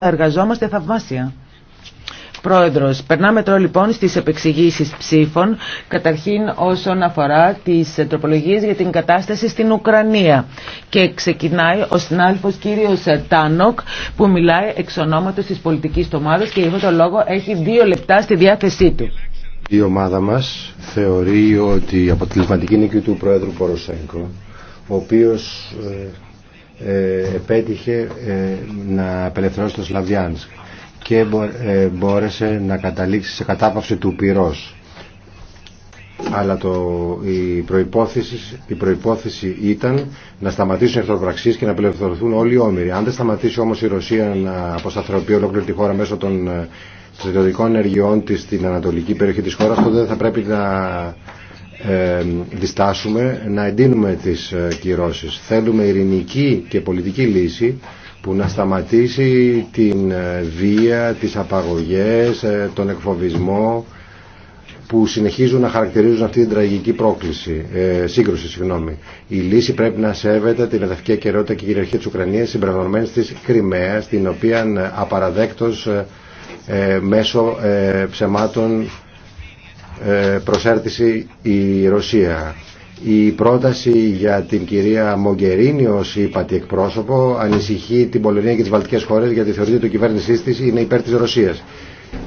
εργαζόμαστε θαυμάσια. Πρόεδρος, περνάμε τώρα λοιπόν στις επεξηγήσεις ψήφων, καταρχήν όσον αφορά τις τροπολογίες για την κατάσταση στην Ουκρανία. Και ξεκινάει ο συνάδελφος κύριος Τάνοκ που μιλάει εξ ονόματος της πολιτικής ομάδας και γι' αυτό το λόγο έχει δύο λεπτά στη διάθεσή του. Η ομάδα μας θεωρεί ότι η αποτελεσματική νίκη του Πρόεδρου Ποροσέγκο, ο οποίος ε, ε, επέτυχε ε, να απελευθερώσει το Σλαβιάνσκ και ε, μπόρεσε να καταλήξει σε κατάπαυση του πυρός. Αλλά το, η, προϋπόθεση, η προϋπόθεση ήταν να σταματήσουν οι εχθροπραξίες και να απελευθερωθούν όλοι οι όμοιροι. Αν δεν σταματήσει όμως η Ρωσία να αποσταθεροποιεί ολόκληρη τη χώρα μέσω των στρατιωτικών ενεργειών της στην ανατολική περιοχή της χώρας, τότε δεν θα πρέπει να ε, διστάσουμε να εντείνουμε τις ε, κυρώσεις. Θέλουμε ειρηνική και πολιτική λύση που να σταματήσει την ε, βία, τις απαγωγές, τον εκφοβισμό που συνεχίζουν να χαρακτηρίζουν αυτή την τραγική πρόκληση, ε, σύγκρουση. Συγγνώμη. Η λύση πρέπει να σέβεται την εδαφική ακαιρεότητα και κυριαρχία της Ουκρανίας συμπεριλαμβανομένης της Κρυμαίας, την οποία απαραδέκτως μέσω ψεμάτων ε, προσέρτηση η Ρωσία. Η πρόταση για την κυρία Μογκερίνη ω υπατή εκπρόσωπο ανησυχεί την Πολωνία και τι Βαλτικέ χώρε γιατί θεωρείται ότι η κυβέρνησή τη είναι υπέρ τη Ρωσία.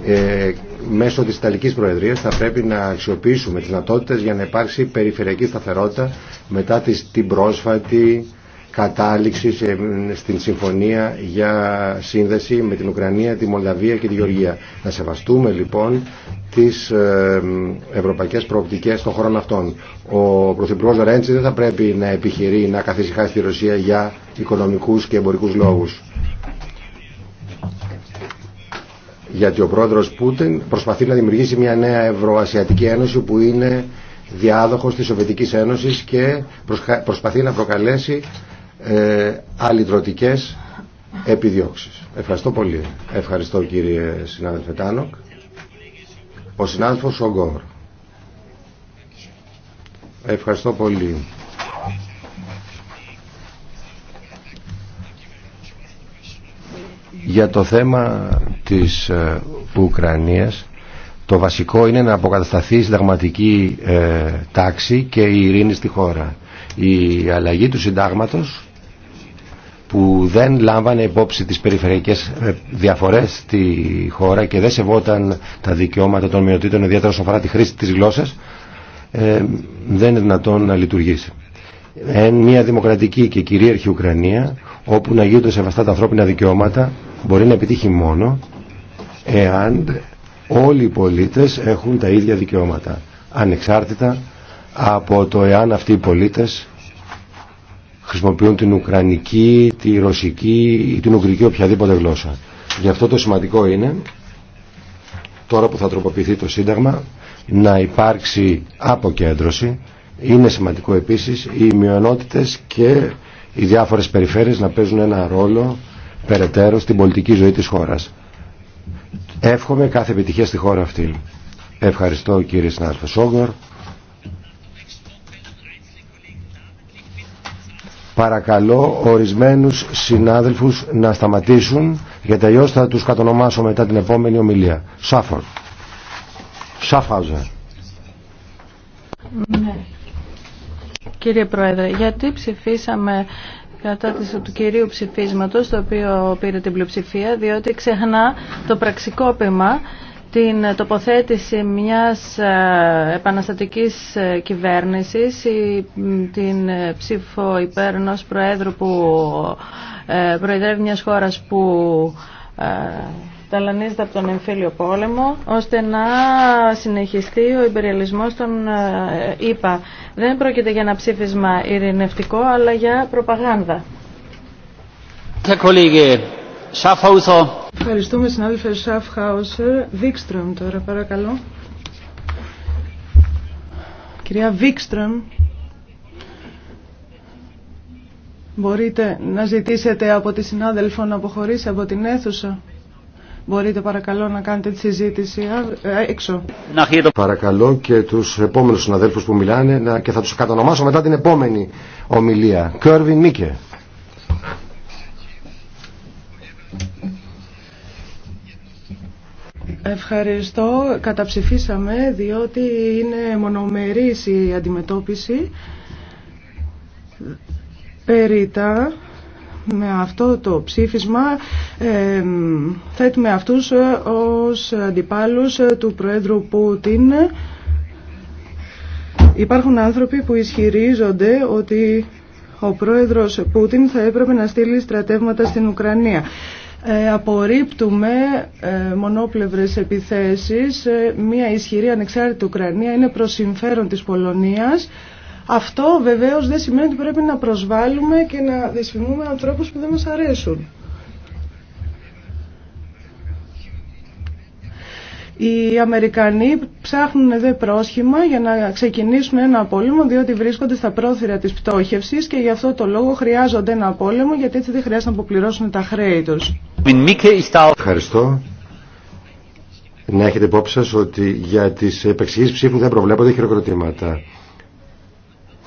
Ε, μέσω τη Ιταλική Προεδρία θα πρέπει να αξιοποιήσουμε τι δυνατότητε για να υπάρξει περιφερειακή σταθερότητα μετά τις, την πρόσφατη κατάληξη στην συμφωνία για σύνδεση με την Ουκρανία, τη Μολδαβία και τη Γεωργία. Να σεβαστούμε λοιπόν τις ε, ευρωπαϊκές προοπτικές των χωρών αυτών. Ο Πρωθυπουργός Ρέντσι δεν θα πρέπει να επιχειρεί να καθησυχάσει τη Ρωσία για οικονομικούς και εμπορικούς λόγους. Γιατί ο πρόεδρος Πούτιν προσπαθεί να δημιουργήσει μια νέα Ευρωασιατική Ένωση που είναι διάδοχος της Σοβιετικής Ένωσης και προσπαθεί να προκαλέσει ε, αλυτρωτικές επιδιώξεις. Ευχαριστώ πολύ. Ευχαριστώ κύριε συνάδελφε Τάνοκ. Ο συνάδελφος Σογκόρ. Ευχαριστώ πολύ. Για το θέμα της ε, Ουκρανίας το βασικό είναι να αποκατασταθεί η συνταγματική ε, τάξη και η ειρήνη στη χώρα. Η αλλαγή του συντάγματος που δεν λάμβανε υπόψη τις περιφερειακές ε, διαφορές στη χώρα και δεν σεβόταν τα δικαιώματα των μειωτήτων, ιδιαίτερα όσον αφορά τη χρήση της γλώσσας, ε, δεν είναι δυνατόν να λειτουργήσει. Εν μια δημοκρατική και κυρίαρχη Ουκρανία, όπου να γίνονται σεβαστά τα ανθρώπινα δικαιώματα, μπορεί να επιτύχει μόνο εάν όλοι οι πολίτες έχουν τα ίδια δικαιώματα, ανεξάρτητα από το εάν αυτοί οι πολίτες χρησιμοποιούν την Ουκρανική, τη Ρωσική ή την Ουγγρική οποιαδήποτε γλώσσα. Γι' αυτό το σημαντικό είναι, τώρα που θα τροποποιηθεί το Σύνταγμα, να υπάρξει αποκέντρωση. Είναι σημαντικό επίσης οι μειονότητες και οι διάφορες περιφέρειες να παίζουν ένα ρόλο περαιτέρω στην πολιτική ζωή της χώρας. Εύχομαι κάθε επιτυχία στη χώρα αυτή. Ευχαριστώ κύριε συνάδελφε Σόγκορ. Παρακαλώ ορισμένους συνάδελφους να σταματήσουν γιατί αλλιώ θα τους κατονομάσω μετά την επόμενη ομιλία. Σάφορ. Σάφαζε. Ναι. Κύριε Πρόεδρε, γιατί ψηφίσαμε κατά της, του κυρίου ψηφίσματος το οποίο πήρε την πλειοψηφία διότι ξεχνά το πραξικόπημα την τοποθέτηση μιας ε, επαναστατικής ε, κυβέρνησης ή την ε, ψήφο υπέρ ενός προέδρου που προεδρεύει μιας χώρας που ταλανίζεται από τον εμφύλιο πόλεμο, ώστε να συνεχιστεί ο υπεριαλισμός των ΗΠΑ. Δεν πρόκειται για ένα ψήφισμα ειρηνευτικό, αλλά για προπαγάνδα. Ευχαριστούμε συνάδελφε Σαφχάουσερ. Βίξτρομ τώρα παρακαλώ. Κυρία Βίξτρομ, μπορείτε να ζητήσετε από τη συνάδελφο να αποχωρήσει από την αίθουσα. Μπορείτε παρακαλώ να κάνετε τη συζήτηση ε, έξω. Παρακαλώ και τους επόμενους συναδέλφους που μιλάνε και θα τους κατανομάσω μετά την επόμενη ομιλία. Κέρβιν Μίκε. Ευχαριστώ. Καταψηφίσαμε διότι είναι μονομερής η αντιμετώπιση. Περίτα με αυτό το ψήφισμα ε, θέτουμε αυτούς ως αντιπάλους του Προέδρου Πούτιν. Υπάρχουν άνθρωποι που ισχυρίζονται ότι ο Πρόεδρος Πούτιν θα έπρεπε να στείλει στρατεύματα στην Ουκρανία. Ε, απορρίπτουμε ε, μονόπλευρες επιθέσεις. Ε, Μια ισχυρή ανεξάρτητη Ουκρανία είναι προς συμφέρον της Πολωνίας. Αυτό βεβαίως δεν σημαίνει ότι πρέπει να προσβάλλουμε και να δυσφημούμε ανθρώπους που δεν μας αρέσουν. Οι Αμερικανοί ψάχνουν εδώ πρόσχημα για να ξεκινήσουν ένα πόλεμο διότι βρίσκονται στα πρόθυρα της πτώχευσης και γι' αυτό το λόγο χρειάζονται ένα πόλεμο γιατί έτσι δεν χρειάζεται να αποπληρώσουν τα χρέη τους. Ευχαριστώ. Να έχετε υπόψη σας ότι για τις επεξηγήσεις ψήφου δεν προβλέπονται χειροκροτήματα.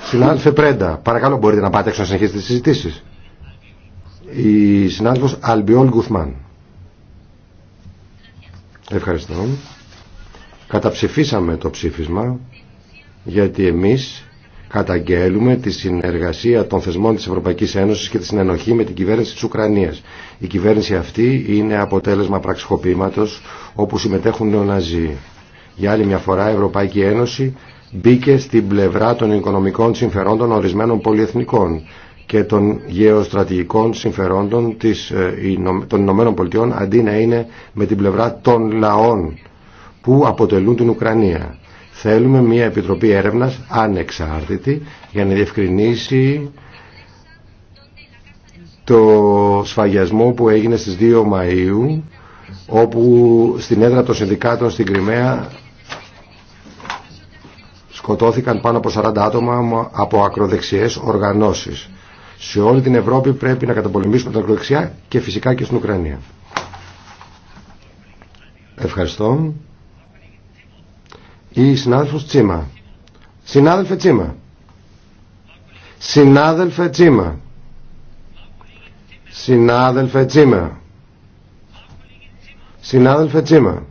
Συνάδελφε Πρέντα, παρακαλώ μπορείτε να πάτε έξω να συνεχίσετε τις συζητήσεις. Η συνάδελφος Αλμπιόλ Γκουθμάν. Ευχαριστώ. Καταψηφίσαμε το ψήφισμα γιατί εμείς καταγγέλουμε τη συνεργασία των θεσμών της Ευρωπαϊκής Ένωσης και τη συνενοχή με την κυβέρνηση της Ουκρανίας. Η κυβέρνηση αυτή είναι αποτέλεσμα πραξικοπήματος όπου συμμετέχουν νεοναζί. Για άλλη μια φορά η Ευρωπαϊκή Ένωση μπήκε στην πλευρά των οικονομικών συμφερόντων ορισμένων πολυεθνικών και των γεωστρατηγικών συμφερόντων της, ε, των Ηνωμένων Πολιτειών αντί να είναι με την πλευρά των λαών που αποτελούν την Ουκρανία. Θέλουμε μια επιτροπή έρευνας ανεξάρτητη για να διευκρινίσει το σφαγιασμό που έγινε στις 2 Μαΐου όπου στην έδρα των συνδικάτων στην Κρυμαία σκοτώθηκαν πάνω από 40 άτομα από ακροδεξιές οργανώσεις. Σε όλη την Ευρώπη πρέπει να καταπολεμήσουμε την ακροδεξιά και φυσικά και στην Ουκρανία. Ευχαριστώ. Η συνάδελφος Τσίμα. Συνάδελφε Τσίμα. Συνάδελφε Τσίμα. Συνάδελφε Τσίμα. Συνάδελφε Τσίμα.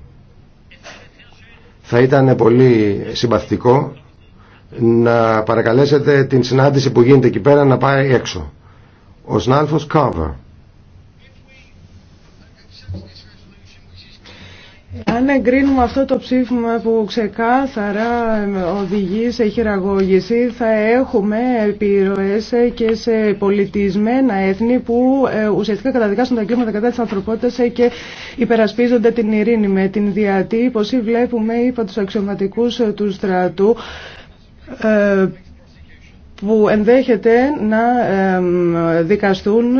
Θα ήταν πολύ συμπαθητικό να παρακαλέσετε την συνάντηση που γίνεται εκεί πέρα να πάει έξω. Ο Σνάλφος Κάβα. Αν εγκρίνουμε αυτό το ψήφισμα που ξεκάθαρα οδηγεί σε χειραγώγηση, θα έχουμε επιρροές και σε πολιτισμένα έθνη που ε, ουσιαστικά καταδικάσουν τα κλίματα κατά της ανθρωπότητας και υπερασπίζονται την ειρήνη. Με την διατύπωση βλέπουμε, είπα, τους αξιωματικούς του στρατού ε, που ενδέχεται να δικαστούν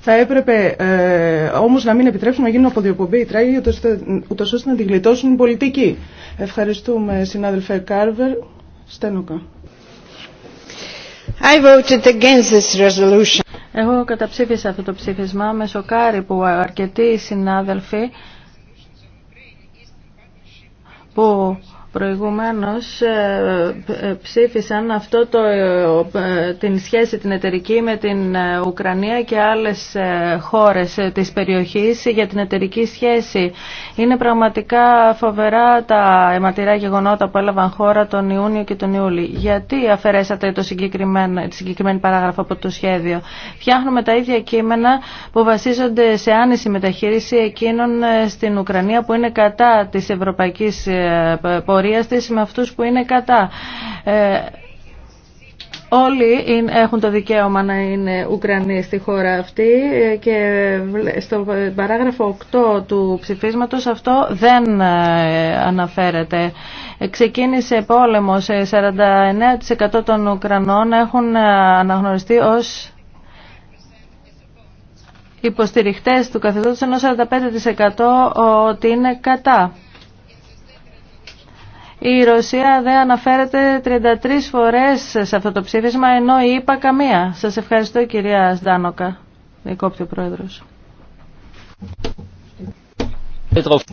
θα έπρεπε ε, όμω να μην επιτρέψουμε να γίνουν αποδιοπομπή οι τράγοι, ούτως ώστε να την γλιτώσουν οι πολιτικοί. Ευχαριστούμε, συνάδελφε Κάρβερ. Στένοκα. I voted against this resolution. Εγώ καταψήφισα αυτό το ψήφισμα. Με σοκάρι που αρκετοί συνάδελφοι που προηγουμένως ε, ε, ψήφισαν αυτό το, ε, την σχέση την εταιρική με την Ουκρανία και άλλες χώρες της περιοχής για την εταιρική σχέση. Είναι πραγματικά φοβερά τα αιματηρά γεγονότα που έλαβαν χώρα τον Ιούνιο και τον Ιούλιο. Γιατί αφαιρέσατε το συγκεκριμένο, τη συγκεκριμένη παράγραφο από το σχέδιο. Φτιάχνουμε τα ίδια κείμενα που βασίζονται σε άνηση μεταχείριση εκείνων στην Ουκρανία που είναι κατά της ευρωπαϊκής πορείας με αυτούς που είναι κατά. Ε, όλοι έχουν το δικαίωμα να είναι Ουκρανοί στη χώρα αυτή ε, και στο παράγραφο 8 του ψηφίσματος αυτό δεν ε, αναφέρεται. Ξεκίνησε πόλεμος, 49% των Ουκρανών έχουν αναγνωριστεί ως υποστηριχτές του καθεστώτος, ενώ 45% ότι είναι κατά. Η Ρωσία δεν αναφέρεται 33 φορές σε αυτό το ψήφισμα, ενώ η ΕΠΑ καμία. Σας ευχαριστώ κυρία Σδάνοκα, δικόπτη ο Πρόεδρος.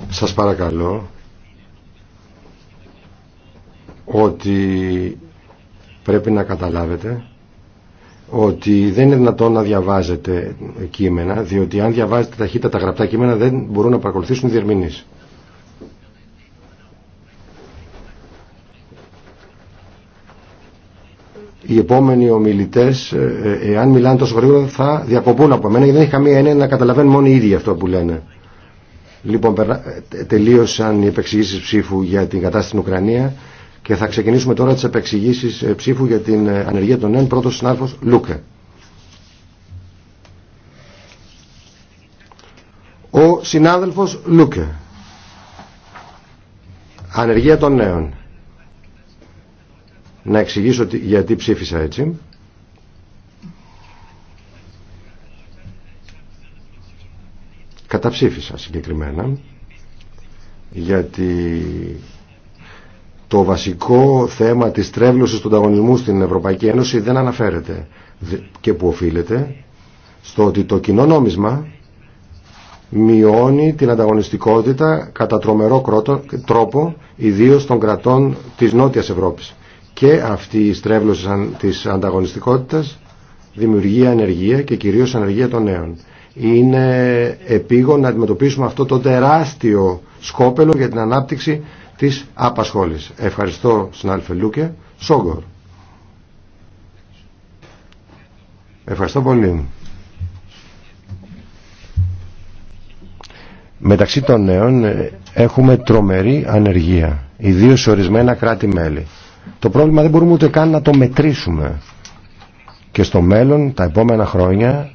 Σας παρακαλώ ότι πρέπει να καταλάβετε ότι δεν είναι δυνατόν να διαβάζετε κείμενα, διότι αν διαβάζετε ταχύτητα τα γραπτά κείμενα δεν μπορούν να παρακολουθήσουν διερμηνείς. οι επόμενοι ομιλητέ, ε, ε, εάν μιλάνε τόσο γρήγορα, θα διακοπούν από μένα γιατί δεν έχει καμία έννοια να καταλαβαίνουν μόνο οι ίδιοι αυτό που λένε. Λοιπόν, ε, τελείωσαν οι επεξηγήσει ψήφου για την κατάσταση στην Ουκρανία και θα ξεκινήσουμε τώρα τι επεξηγήσει ψήφου για την ανεργία των νέων. Πρώτο συνάδελφο Λούκε. Ο συνάδελφος Λούκε. Ανεργία των νέων να εξηγήσω γιατί ψήφισα έτσι. Καταψήφισα συγκεκριμένα γιατί το βασικό θέμα της τρέβλωσης του ανταγωνισμού στην Ευρωπαϊκή Ένωση δεν αναφέρεται και που οφείλεται στο ότι το κοινό νόμισμα μειώνει την ανταγωνιστικότητα κατά τρομερό τρόπο ιδίως των κρατών της Νότιας Ευρώπης και αυτή η στρέβλωση της ανταγωνιστικότητας δημιουργεί ανεργία και κυρίως ανεργία των νέων. Είναι επίγον να αντιμετωπίσουμε αυτό το τεράστιο σκόπελο για την ανάπτυξη της απασχόλησης. Ευχαριστώ συνάδελφε Λούκε. Σόγκορ. Ευχαριστώ πολύ. Μεταξύ των νέων ε, έχουμε τρομερή ανεργία, ιδίως σε ορισμένα κράτη-μέλη. Το πρόβλημα δεν μπορούμε ούτε καν να το μετρήσουμε. Και στο μέλλον, τα επόμενα χρόνια,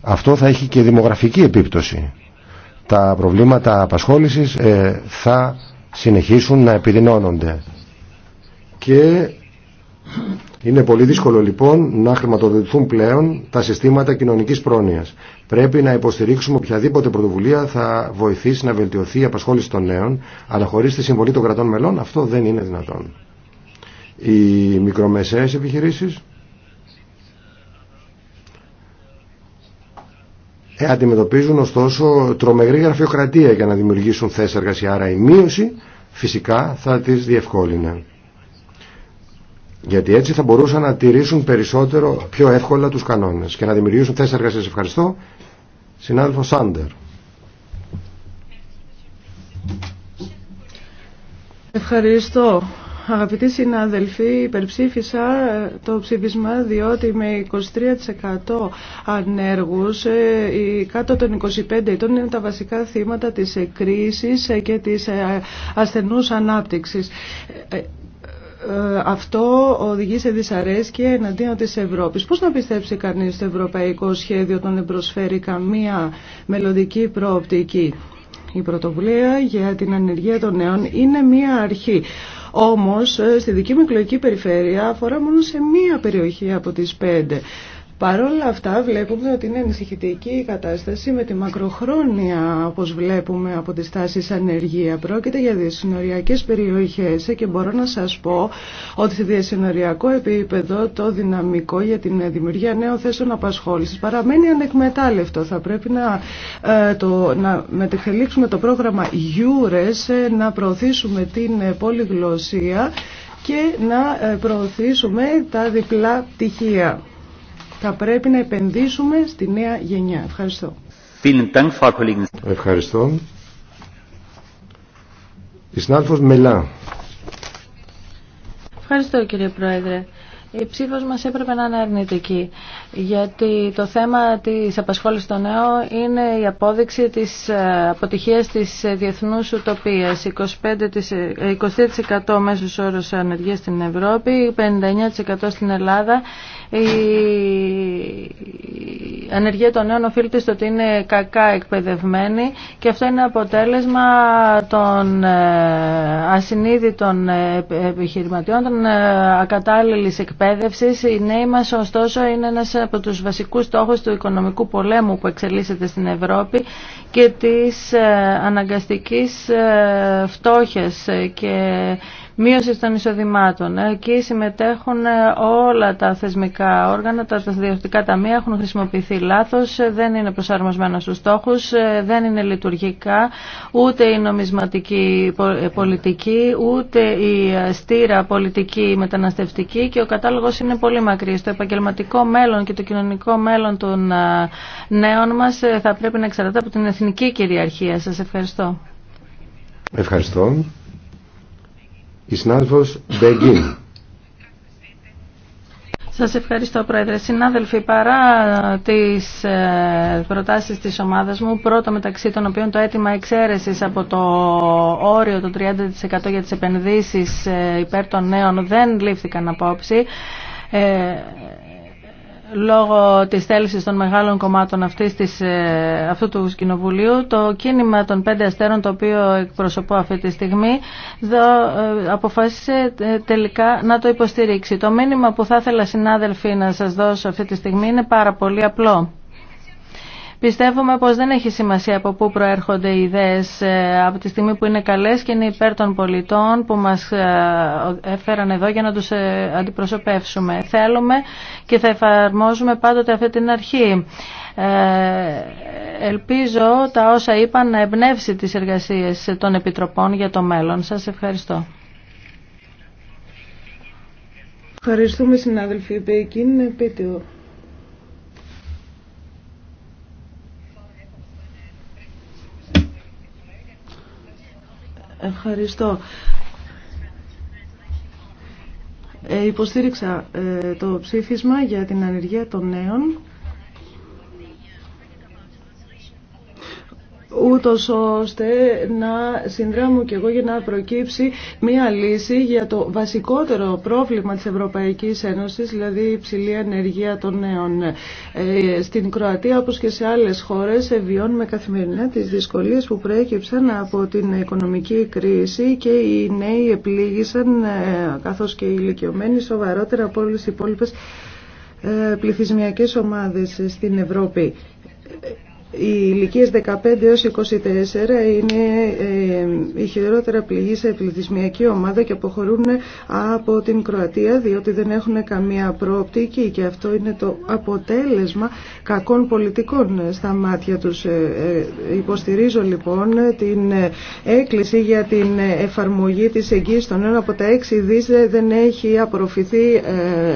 αυτό θα έχει και δημογραφική επίπτωση. Τα προβλήματα απασχόλησης ε, θα συνεχίσουν να επιδεινώνονται. Και είναι πολύ δύσκολο λοιπόν να χρηματοδοτηθούν πλέον τα συστήματα κοινωνικής πρόνοιας. Πρέπει να υποστηρίξουμε οποιαδήποτε πρωτοβουλία θα βοηθήσει να βελτιωθεί η απασχόληση των νέων, αλλά χωρίς τη συμβολή των κρατών μελών αυτό δεν είναι δυνατόν οι μικρομεσαίες επιχειρήσεις ε, αντιμετωπίζουν ωστόσο τρομερή γραφειοκρατία για να δημιουργήσουν θέσεις εργασία. Άρα η μείωση φυσικά θα τις διευκόλυνε. Γιατί έτσι θα μπορούσαν να τηρήσουν περισσότερο, πιο εύκολα τους κανόνες και να δημιουργήσουν θέσεις εργασίας. Ευχαριστώ. Συνάδελφο Σάντερ. Ευχαριστώ. Αγαπητοί συνάδελφοι, υπερψήφισα ε, το ψήφισμα διότι με 23% ανέργους ε, κάτω των 25 ετών είναι τα βασικά θύματα της ε, κρίσης και της ασθενούς ανάπτυξης αυτό οδηγεί σε δυσαρέσκεια εναντίον της Ευρώπης. Πώς να πιστέψει κανείς το ευρωπαϊκό σχέδιο όταν δεν προσφέρει καμία μελλοντική προοπτική. Η πρωτοβουλία για την ανεργία των νέων είναι μία αρχή. Όμως ε, στη δική μου εκλογική περιφέρεια αφορά μόνο σε μία περιοχή από τις πέντε. Παρ' όλα αυτά βλέπουμε ότι είναι ανησυχητική η κατάσταση με τη μακροχρόνια, όπως βλέπουμε από τις τάσεις ανεργία. Πρόκειται για διασυνοριακές περιοχές και μπορώ να σας πω ότι σε διασυνοριακό επίπεδο το δυναμικό για την δημιουργία νέων θέσεων απασχόλησης παραμένει ανεκμετάλλευτο. Θα πρέπει να, ε, το, να το πρόγραμμα EURES, ε, να προωθήσουμε την πολυγλωσία και να ε, προωθήσουμε τα διπλά πτυχία. Θα πρέπει να επενδύσουμε στη νέα γενιά. Ευχαριστώ. Ευχαριστώ. Η συνάδελφος Μελά. Ευχαριστώ κύριε Πρόεδρε. Η ψήφος μας έπρεπε να είναι αρνητική, γιατί το θέμα της απασχόλησης των νέων είναι η απόδειξη της ε, αποτυχίας της ε, διεθνούς ουτοπίας. 23% μέσος όρος ανεργίας στην Ευρώπη, 59% στην Ελλάδα ανεργία των νέων οφείλεται στο ότι είναι κακά εκπαιδευμένοι και αυτό είναι αποτέλεσμα των ε, ασυνείδητων ε, επιχειρηματιών, των ε, ακατάλληλης εκπαίδευσης. Οι νέοι μας ωστόσο είναι ένας από τους βασικούς στόχους του οικονομικού πολέμου που εξελίσσεται στην Ευρώπη και της αναγκαστικής φτώχειας και μείωση των εισοδημάτων. Εκεί συμμετέχουν ε, όλα τα θεσμικά όργανα, τα τα ταμεία έχουν χρησιμοποιηθεί λάθος, ε, δεν είναι προσαρμοσμένα στους στόχους, ε, δεν είναι λειτουργικά, ούτε η νομισματική πολιτική, ούτε η στήρα πολιτική μεταναστευτική και ο κατάλογος είναι πολύ μακρύς. Το επαγγελματικό μέλλον και το κοινωνικό μέλλον των νέων μας θα πρέπει να εξαρτάται από την εθνική κυριαρχία. Σας ευχαριστώ. Ευχαριστώ. Η Μπεγκίν. Σας ευχαριστώ Πρόεδρε. Συνάδελφοι, παρά τις ε, προτάσεις της ομάδας μου, πρώτο μεταξύ των οποίων το αίτημα εξαίρεσης από το όριο το 30% για τις επενδύσεις ε, υπέρ των νέων δεν λήφθηκαν απόψη, ε, λόγω της θέλησης των μεγάλων κομμάτων αυτής της, ε, αυτού του κοινοβουλίου το κίνημα των πέντε αστέρων το οποίο εκπροσωπώ αυτή τη στιγμή ε, αποφάσισε ε, τελικά να το υποστηρίξει. Το μήνυμα που θα ήθελα συνάδελφοι να σας δώσω αυτή τη στιγμή είναι πάρα πολύ απλό. Πιστεύουμε πως δεν έχει σημασία από πού προέρχονται οι ιδέες ε, από τη στιγμή που είναι καλές και είναι υπέρ των πολιτών που μας ε, έφεραν εδώ για να τους ε, αντιπροσωπεύσουμε. Θέλουμε και θα εφαρμόζουμε πάντοτε αυτή την αρχή. ελπίζω τα όσα είπαν να εμπνεύσει τις εργασίες των Επιτροπών για το μέλλον. Σας ευχαριστώ. Ευχαριστούμε συνάδελφοι. Είναι Ευχαριστώ. Ε, υποστήριξα ε, το ψήφισμα για την ανεργία των νέων. ούτως ώστε να συνδράμουν και εγώ για να προκύψει μία λύση για το βασικότερο πρόβλημα της Ευρωπαϊκής Ένωσης, δηλαδή η υψηλή ενεργεία των νέων. Ε, στην Κροατία, όπως και σε άλλες χώρες, βιώνουμε καθημερινά τις δυσκολίες που προέκυψαν από την οικονομική κρίση και οι νέοι επλήγησαν, ε, καθώς και οι ηλικιωμένοι, σοβαρότερα από όλες τι υπόλοιπες ε, πληθυσμιακές ομάδες στην Ευρώπη. Οι ηλικίες 15 έως 24 είναι ε, η χειρότερα πληγή σε πληθυσμιακή ομάδα και αποχωρούν από την Κροατία διότι δεν έχουν καμία προοπτική και αυτό είναι το αποτέλεσμα κακών πολιτικών στα μάτια τους. Ε, ε, υποστηρίζω λοιπόν την έκκληση για την εφαρμογή της εγγύησης των νέων από τα 6 δις δεν έχει απορροφηθεί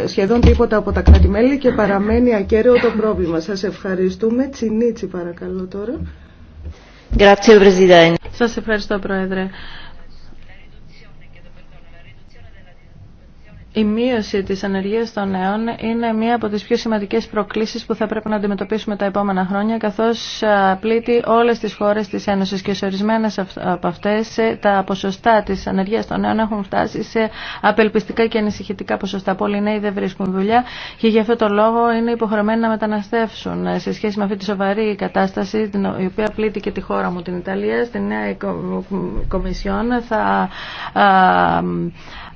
σχεδόν τίποτα από τα κράτη-μέλη και παραμένει ακέραιο το πρόβλημα. Σας ευχαριστούμε. Τσινίτσι παρακαλώ Σας ευχαριστώ, Πρόεδρε. Η μείωση της ανεργίας των νέων είναι μία από τις πιο σημαντικές προκλήσεις που θα πρέπει να αντιμετωπίσουμε τα επόμενα χρόνια καθώς πλήττει όλες τις χώρες της Ένωσης και σε ορισμένες από αυτές ε, τα ποσοστά της ανεργίας των νέων έχουν φτάσει σε απελπιστικά και ανησυχητικά ποσοστά. Πολλοί νέοι δεν βρίσκουν δουλειά και γι' αυτό το λόγο είναι υποχρεωμένοι να μεταναστεύσουν ε, σε σχέση με αυτή τη σοβαρή κατάσταση την οποία πλήττει και τη χώρα μου την Ιταλία στην νέα Κομισιόν θα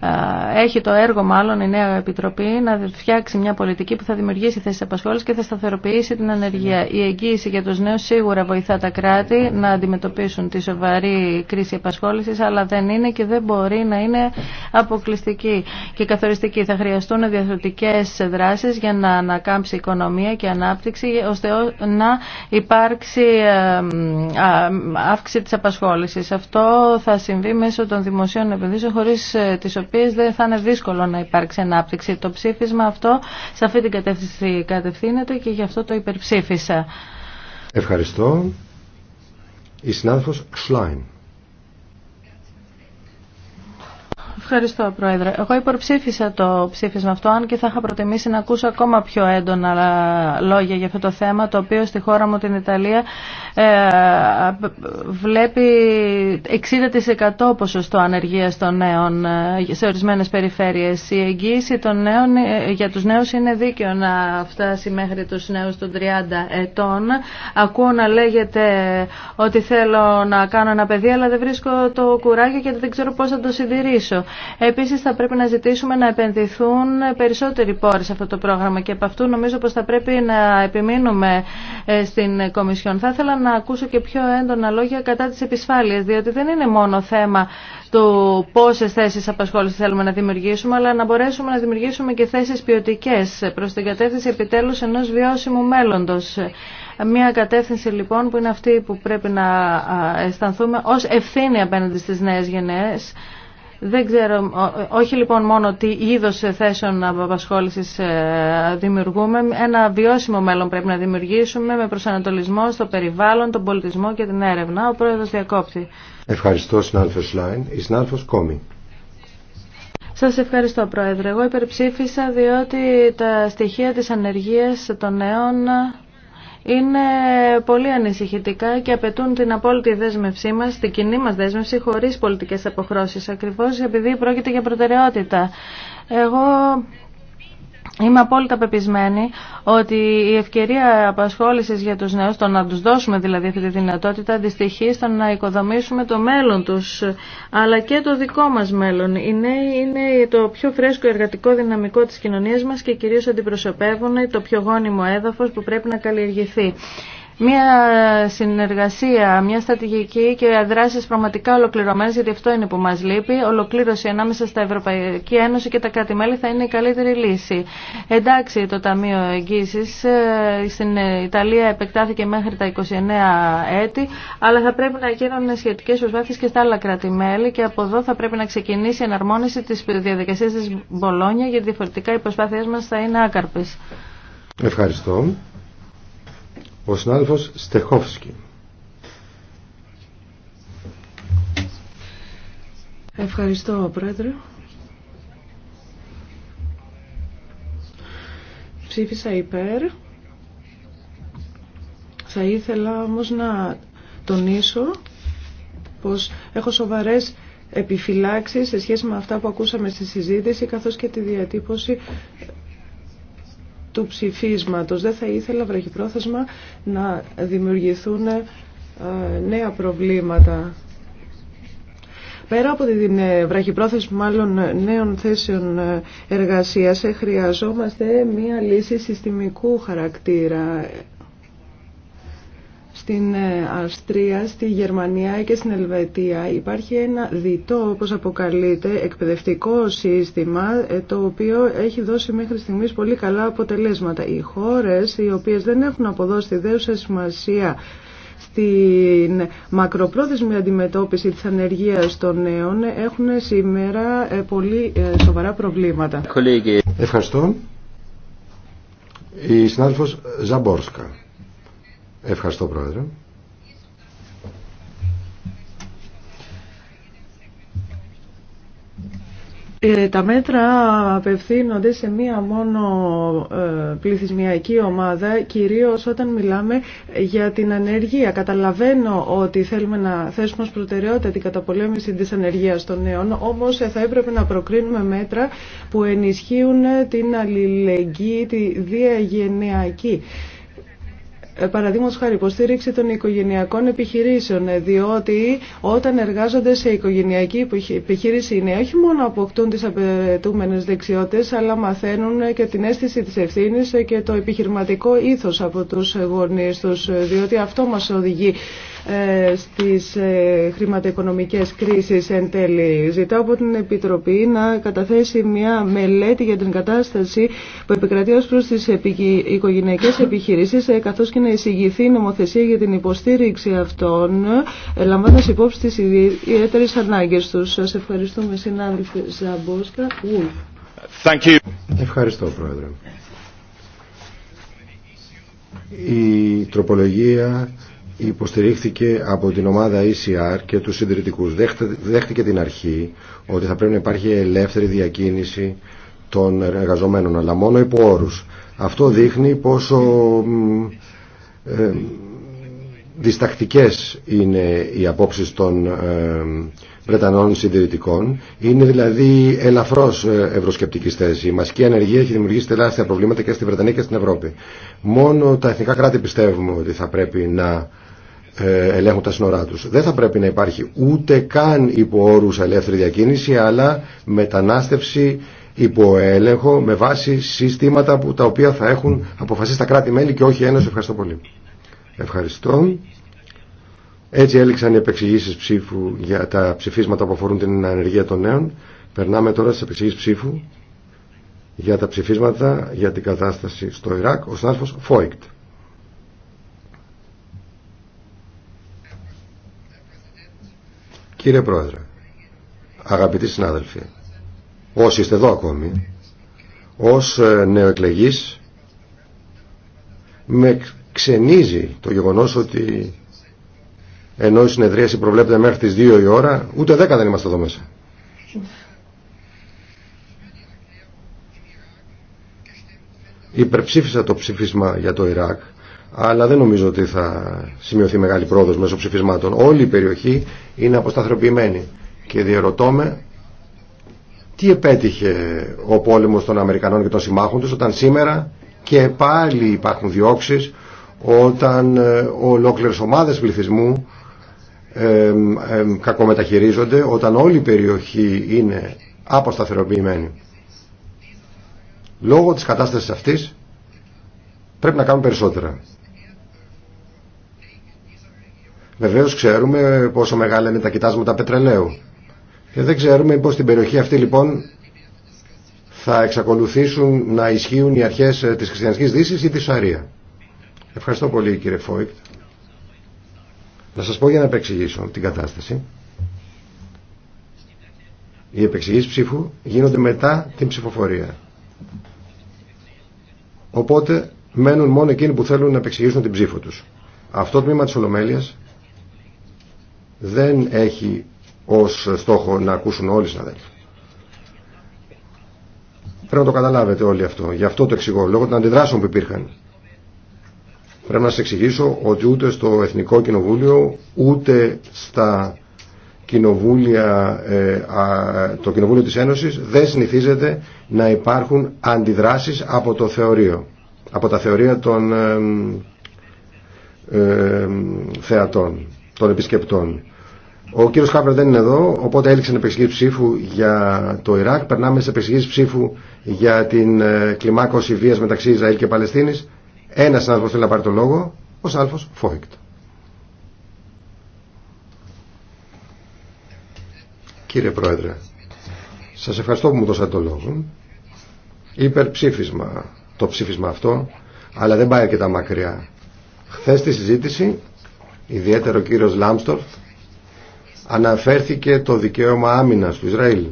ε, έχει το έργο μάλλον η νέα Επιτροπή να φτιάξει μια πολιτική που θα δημιουργήσει θέσει απασχόληση και θα σταθεροποιήσει την ανεργία. Η εγγύηση για του νέου σίγουρα βοηθά τα κράτη να αντιμετωπίσουν τη σοβαρή κρίση απασχόληση, αλλά δεν είναι και δεν μπορεί να είναι αποκλειστική και καθοριστική. Θα χρειαστούν διαθροτικέ δράσει για να ανακάμψει η οικονομία και η ανάπτυξη, ώστε να υπάρξει αύξηση τη απασχόληση. Αυτό θα συμβεί μέσω των δημοσίων επενδύσεων χωρί ε, τι πες δεν θα είναι δύσκολο να υπάρξει ανάπτυξη. Το ψήφισμα αυτό σε αυτή την κατεύθυνση κατευθύνεται και γι' αυτό το υπερψήφισα. Ευχαριστώ. Η συνάδελφος Σλάιν. Ευχαριστώ, Πρόεδρε. Εγώ υπορψήφισα το ψήφισμα αυτό, αν και θα είχα προτιμήσει να ακούσω ακόμα πιο έντονα λόγια για αυτό το θέμα, το οποίο στη χώρα μου, την Ιταλία, ε, βλέπει 60% ποσοστό ανεργία των νέων ε, σε ορισμένες περιφέρειες. Η εγγύηση των νέων, ε, για τους νέους είναι δίκαιο να φτάσει μέχρι τους νέους των 30 ετών. Ακούω να λέγεται ότι θέλω να κάνω ένα παιδί, αλλά δεν βρίσκω το κουράγιο γιατί δεν ξέρω πώς θα το συντηρήσω. Επίσης θα πρέπει να ζητήσουμε να επενδυθούν περισσότεροι πόροι σε αυτό το πρόγραμμα και από αυτού νομίζω πως θα πρέπει να επιμείνουμε ε, στην Κομισιόν. Θα ήθελα να ακούσω και πιο έντονα λόγια κατά της επισφάλειας, διότι δεν είναι μόνο θέμα του πόσε θέσει απασχόληση θέλουμε να δημιουργήσουμε, αλλά να μπορέσουμε να δημιουργήσουμε και θέσει ποιοτικέ προ την κατεύθυνση επιτέλου ενό βιώσιμου μέλλοντο. Μια κατεύθυνση λοιπόν που είναι αυτή που πρέπει να αισθανθούμε ως ευθύνη απέναντι στις νέες γενναίες δεν ξέρω, όχι λοιπόν μόνο τι είδος θέσεων απασχόληση ε, δημιουργούμε, ένα βιώσιμο μέλλον πρέπει να δημιουργήσουμε με προσανατολισμό στο περιβάλλον, τον πολιτισμό και την έρευνα. Ο πρόεδρος διακόπτει. Ευχαριστώ συνάδελφος Λάιν. Η Κόμι. Σας ευχαριστώ Πρόεδρε. Εγώ υπερψήφισα διότι τα στοιχεία της ανεργίας των νέων είναι πολύ ανησυχητικά και απαιτούν την απόλυτη δέσμευσή μα, την κοινή μα δέσμευση, χωρί πολιτικέ αποχρώσει. Ακριβώ επειδή πρόκειται για προτεραιότητα. Εγώ Είμαι απόλυτα πεπισμένη ότι η ευκαιρία απασχόλησης για τους νέους, το να τους δώσουμε δηλαδή αυτή τη δυνατότητα, αντιστοιχεί στο να οικοδομήσουμε το μέλλον τους, αλλά και το δικό μας μέλλον. Οι νέοι είναι το πιο φρέσκο εργατικό δυναμικό της κοινωνίας μας και κυρίως αντιπροσωπεύουν το πιο γόνιμο έδαφος που πρέπει να καλλιεργηθεί μια συνεργασία, μια στρατηγική και δράσει πραγματικά ολοκληρωμένες, γιατί αυτό είναι που μας λείπει. Ολοκλήρωση ανάμεσα στα Ευρωπαϊκή Ένωση και τα κράτη-μέλη θα είναι η καλύτερη λύση. Εντάξει, το Ταμείο Εγγύησης ε, στην Ιταλία επεκτάθηκε μέχρι τα 29 έτη, αλλά θα πρέπει να γίνουν σχετικές προσπάθειες και στα άλλα κράτη-μέλη και από εδώ θα πρέπει να ξεκινήσει η εναρμόνιση της διαδικασίας της Μπολόνια, γιατί διαφορετικά οι προσπάθειές μας θα είναι άκαρπες. Ευχαριστώ ο συνάδελφος Στεχόφσκι. Ευχαριστώ, Πρόεδρε. Ψήφισα υπέρ. Θα ήθελα όμως να τονίσω πως έχω σοβαρές επιφυλάξεις σε σχέση με αυτά που ακούσαμε στη συζήτηση καθώς και τη διατύπωση του ψηφίσματος. Δεν θα ήθελα βραχυπρόθεσμα να δημιουργηθούν ε, νέα προβλήματα. Πέρα από την ε, βραχυπρόθεση μάλλον ε, νέων θέσεων εργασίας, χρειαζόμαστε μία λύση συστημικού χαρακτήρα. Στην ε, Αυστρία, στη Γερμανία και στην Ελβετία υπάρχει ένα διτό, όπως αποκαλείται, εκπαιδευτικό σύστημα, ε, το οποίο έχει δώσει μέχρι στιγμής πολύ καλά αποτελέσματα. Οι χώρες οι οποίες δεν έχουν αποδώσει τη δέουσα σημασία στην μακροπρόθεσμη αντιμετώπιση της ανεργίας των νέων έχουν σήμερα ε, πολύ σοβαρά προβλήματα. Ευχαριστώ. Η συνάδελφος Ζαμπόρσκα. Ευχαριστώ Πρόεδρε. Ε, τα μέτρα απευθύνονται σε μία μόνο ε, πληθυσμιακή ομάδα, κυρίως όταν μιλάμε για την ανεργία. Καταλαβαίνω ότι θέλουμε να θέσουμε ως προτεραιότητα την καταπολέμηση της ανεργίας των νέων, όμως θα έπρεπε να προκρίνουμε μέτρα που ενισχύουν την αλληλεγγύη, τη διαγενειακή. Παραδείγματο χάρη υποστήριξη των οικογενειακών επιχειρήσεων, ε, διότι όταν εργάζονται σε οικογενειακή επιχείρηση είναι όχι μόνο αποκτούν τις απαιτούμενε δεξιότητες, αλλά μαθαίνουν ε, και την αίσθηση της ευθύνης ε, και το επιχειρηματικό ήθος από τους γονείς τους, διότι αυτό μας οδηγεί ε, στις ε, χρηματοοικονομικές κρίσεις εν τέλει. Ζητάω από την Επιτροπή να καταθέσει μια μελέτη για την κατάσταση που επικρατεί ως προς τις οικογενειακές επιχειρήσεις ε, καθώς και να εισηγηθεί η νομοθεσία για την υποστήριξη αυτών λαμβάνοντας υπόψη τις ιδιαίτερες ανάγκες τους. Σας ευχαριστούμε συνάδελφοι Ζαμπόσκα. Ευχαριστώ Πρόεδρε. Η τροπολογία υποστηρίχθηκε από την ομάδα ECR και τους συντηρητικούς. Δέχτηκε την αρχή ότι θα πρέπει να υπάρχει ελεύθερη διακίνηση των εργαζομένων, αλλά μόνο υπό όρους. Αυτό δείχνει πόσο ε, διστακτικές είναι οι απόψεις των ε, Βρετανών συντηρητικών. Είναι δηλαδή ελαφρώ ε, ευρωσκεπτική θέση. Η μασική ανεργία έχει δημιουργήσει τεράστια προβλήματα και στη Βρετανία και στην Ευρώπη. Μόνο τα εθνικά κράτη πιστεύουμε ότι θα πρέπει να ε, ελέγχουν τα σύνορά του. Δεν θα πρέπει να υπάρχει ούτε καν υπό όρου ελεύθερη διακίνηση αλλά μετανάστευση υπό έλεγχο με βάση συστήματα που, τα οποία θα έχουν αποφασίσει τα κράτη-μέλη και όχι ένωση. Ευχαριστώ πολύ. Ευχαριστώ. Έτσι έληξαν οι επεξηγήσει ψήφου για τα ψηφίσματα που αφορούν την ανεργία των νέων. Περνάμε τώρα στι επεξηγήσει ψήφου για τα ψηφίσματα για την κατάσταση στο Ιράκ. Ο συνάδελφο Φόικτ. Κύριε Πρόεδρε, αγαπητοί συνάδελφοι, όσοι είστε εδώ ακόμη, ως ε, νεοεκλεγής με ξενίζει το γεγονός ότι ενώ η συνεδρίαση προβλέπεται μέχρι τις 2 η ώρα, ούτε 10 δεν είμαστε εδώ μέσα. Υπερψήφισα το ψήφισμα για το Ιράκ, αλλά δεν νομίζω ότι θα σημειωθεί μεγάλη πρόοδος μέσω ψηφισμάτων. Όλη η περιοχή είναι αποσταθεροποιημένη και διαρωτώ τι επέτυχε ο πόλεμος των Αμερικανών και των συμμάχων τους όταν σήμερα και πάλι υπάρχουν διώξεις όταν ε, ολόκληρες ομάδες πληθυσμού ε, ε, κακομεταχειρίζονται όταν όλη η περιοχή είναι αποσταθεροποιημένη. Λόγω της κατάστασης αυτής πρέπει να κάνουμε περισσότερα. Βεβαίως ξέρουμε πόσο μεγάλα είναι τα κοιτάσματα πετρελαίου. Και δεν ξέρουμε πώ στην περιοχή αυτή λοιπόν θα εξακολουθήσουν να ισχύουν οι αρχές ε, της χριστιανική δύση ή της Σαρία. Ευχαριστώ πολύ κύριε Φόικτ. Να σας πω για να επεξηγήσω την κατάσταση. Οι επεξηγήσει ψήφου γίνονται μετά την ψηφοφορία. Οπότε μένουν μόνο εκείνοι που θέλουν να επεξηγήσουν την ψήφο του. Αυτό το τμήμα τη Ολομέλειας δεν έχει ως στόχο να ακούσουν όλοι οι συναδέλφοι. Πρέπει να το καταλάβετε όλοι αυτό. Γι' αυτό το εξηγώ. Λόγω των αντιδράσεων που υπήρχαν. Πρέπει να σας εξηγήσω ότι ούτε στο Εθνικό Κοινοβούλιο, ούτε στα κοινοβούλια, ε, το Κοινοβούλιο της Ένωσης δεν συνηθίζεται να υπάρχουν αντιδράσεις από το θεωρείο. Από τα θεωρία των ε, θεατών των επισκεπτών. Ο κύριος Χάπερ δεν είναι εδώ, οπότε έληξε να ψήφου για το Ιράκ. Περνάμε σε επεξηγήση ψήφου για την ε, κλιμάκωση βίας μεταξύ Ισραήλ και Παλαιστίνης. Ένα άνθρωπος θέλει να πάρει το λόγο, ο Σάλφος Φόικτ. Κύριε Πρόεδρε, σας ευχαριστώ που μου δώσατε το λόγο. Υπερψήφισμα το ψήφισμα αυτό, αλλά δεν πάει αρκετά μακριά. Χθες στη συζήτηση ιδιαίτερο ο κύριος Λάμστορφ, αναφέρθηκε το δικαίωμα άμυνας του Ισραήλ.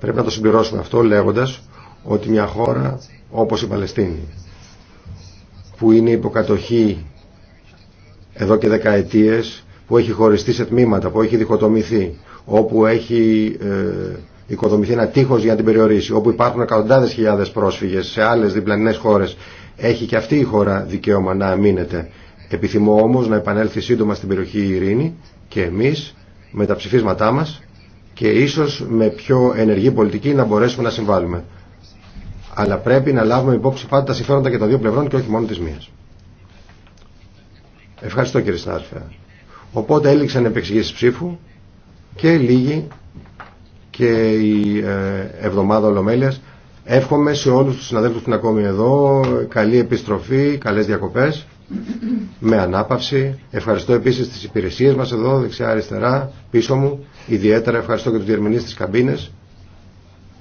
Πρέπει να το συμπληρώσουμε αυτό λέγοντας ότι μια χώρα όπως η Παλαιστίνη που είναι υποκατοχή εδώ και δεκαετίες που έχει χωριστεί σε τμήματα, που έχει διχοτομηθεί όπου έχει ε, οικοδομηθεί ένα τείχος για να την περιορίσει όπου υπάρχουν εκατοντάδες χιλιάδες πρόσφυγες σε άλλες διπλανές χώρες έχει και αυτή η χώρα δικαίωμα να αμήνεται Επιθυμώ όμως να επανέλθει σύντομα στην περιοχή η ειρήνη και εμείς με τα ψηφίσματά μας και ίσως με πιο ενεργή πολιτική να μπορέσουμε να συμβάλλουμε. Αλλά πρέπει να λάβουμε υπόψη πάντα τα συμφέροντα και των δύο πλευρών και όχι μόνο της μίας. Ευχαριστώ κύριε συνάδελφε. Οπότε έληξαν επεξηγήσεις ψήφου και λίγοι και η ε, εβδομάδα Ολομέλειας. Εύχομαι σε όλους τους συναδέλφους που είναι ακόμη εδώ καλή επιστροφή, καλές διακοπές με ανάπαυση. Ευχαριστώ επίσης τις υπηρεσίες μας εδώ, δεξιά-αριστερά, πίσω μου. Ιδιαίτερα ευχαριστώ και τους διερμηνείς της καμπίνες.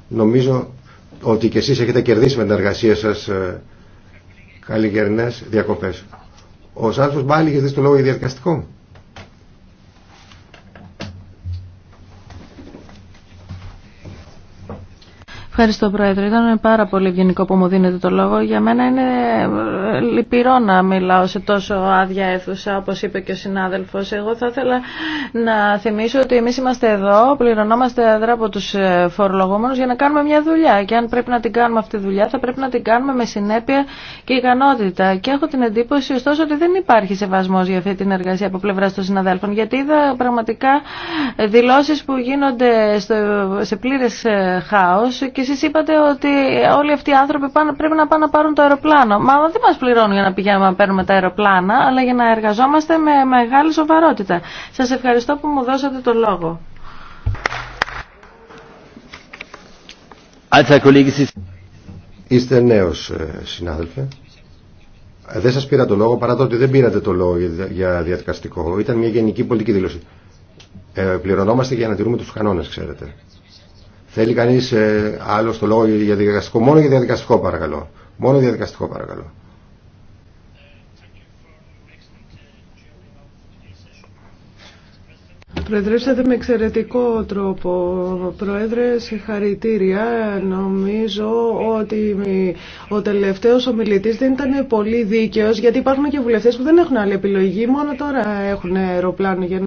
Νομίζω ότι και εσεί έχετε κερδίσει με την εργασία σας ε, διακοπέ. διακοπές. Ο Σάρφο Μπάλι είχε δει το λόγο για διαδικαστικό. Ευχαριστώ Πρόεδρε. Ήταν πάρα πολύ ευγενικό που μου δίνετε το λόγο. Για μένα είναι ε, λυπηρό να μιλάω σε τόσο άδεια αίθουσα όπως είπε και ο συνάδελφος. Εγώ θα ήθελα να θυμίσω ότι εμείς είμαστε εδώ, πληρωνόμαστε έδρα από τους ε, φορολογόμενους για να κάνουμε μια δουλειά. Και αν πρέπει να την κάνουμε αυτή τη δουλειά θα πρέπει να την κάνουμε με συνέπεια και ικανότητα. Και έχω την εντύπωση ωστόσο ότι δεν υπάρχει σεβασμός για αυτή την εργασία από πλευρά των συναδέλφων. Γιατί είδα πραγματικά δηλώσεις που γίνονται σε πλήρες ε, χάος και εσείς είπατε ότι όλοι αυτοί οι άνθρωποι πρέπει να πάνε να πάρουν το αεροπλάνο. Μα δεν μας πληρώνουν για να πηγαίνουμε να παίρνουμε τα αεροπλάνα, αλλά για να εργαζόμαστε με μεγάλη σοβαρότητα. Σας ευχαριστώ που μου δώσατε το λόγο. Είστε νέος ε, συνάδελφε. Ε, δεν σας πήρα το λόγο παρά το ότι δεν πήρατε το λόγο για διαδικαστικό. Ήταν μια γενική πολιτική δήλωση. Ε, πληρωνόμαστε για να τηρούμε τους κανόνες, ξέρετε. Θέλει κανεί ε, άλλο το λόγο για διαδικαστικό. Μόνο για διαδικαστικό παρακαλώ. Μόνο διαδικαστικό παρακαλώ. Προεδρεύσατε με εξαιρετικό τρόπο. Προέδρε, συγχαρητήρια. Νομίζω ότι ο τελευταίος ομιλητής δεν ήταν πολύ δίκαιος, γιατί υπάρχουν και βουλευτές που δεν έχουν άλλη επιλογή, μόνο τώρα έχουν αεροπλάνο για